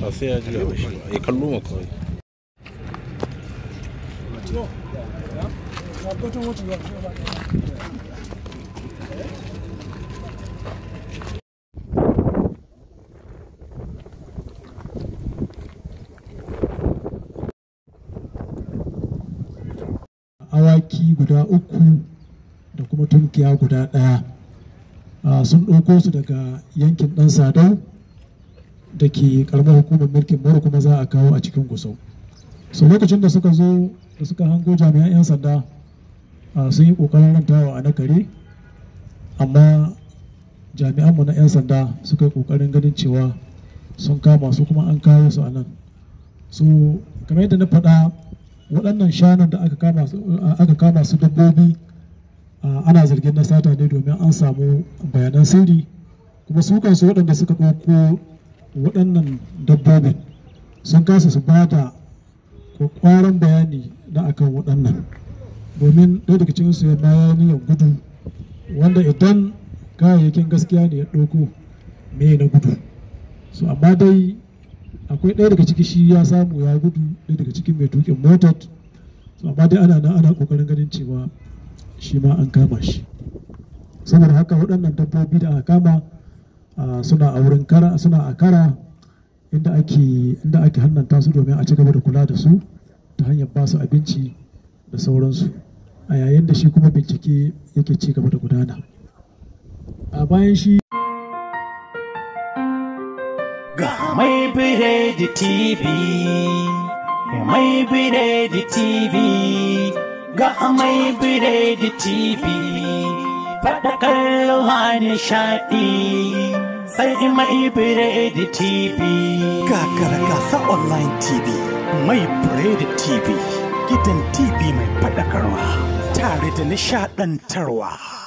ba sai ya shi ba ya kallo ma awaki guda uku da kuma tunkiya guda ɗaya ah, sun ɗauko su daga yankin ɗan sadau da ke karamar hukumar mulkin moro kuma za a kawo a cikin gusau so lokacin da suka zo da suka hango jami'an 'yan sanda ah, sun yi kokarin rantawa a nakare amma jami'anmu na 'yan sanda suka yi kokarin ganin cewa sun kama su kuma an kawo su a nan so kamar yadda na faɗa waɗannan shanun da aka kama su dabbobi ah, ana zargin na sata ne domin an samu bayanan sirri kuma su waɗanda suka ɗauko waɗannan dabbobin sun kasa su ba da bayani na akan waɗannan domin ɗaya daga cikinsu ya bayani ya gudu wanda idan kayayyakin gaskiya ne ya ɗauko me na gudu so amma dai akwai ɗaya daga ciki shi ya samu ya gudu ɗaya daga cikin mai tukin motar so amma dai ana nan ana ƙoƙarin ganin cewa shi ma an kama shi saboda haka waɗannan dabbobi da aka kama Ah, suna a wurin kara suna a kara inda ake inda ake hannanta su domin a ci gaba da kula da su ta hanyar ba su abinci da sauransu a yayin da shi kuma bincike yake ci gaba da gudana a bayan shi ga mai biredi tv mai biredi tv ga mai biredi tv faɗakar ruwa nishaɗi sai in mai da TV. Kakara gasa online TV, mai biredi TV, gidan TV mai faɗakarwa, tare da nishaɗantarwa.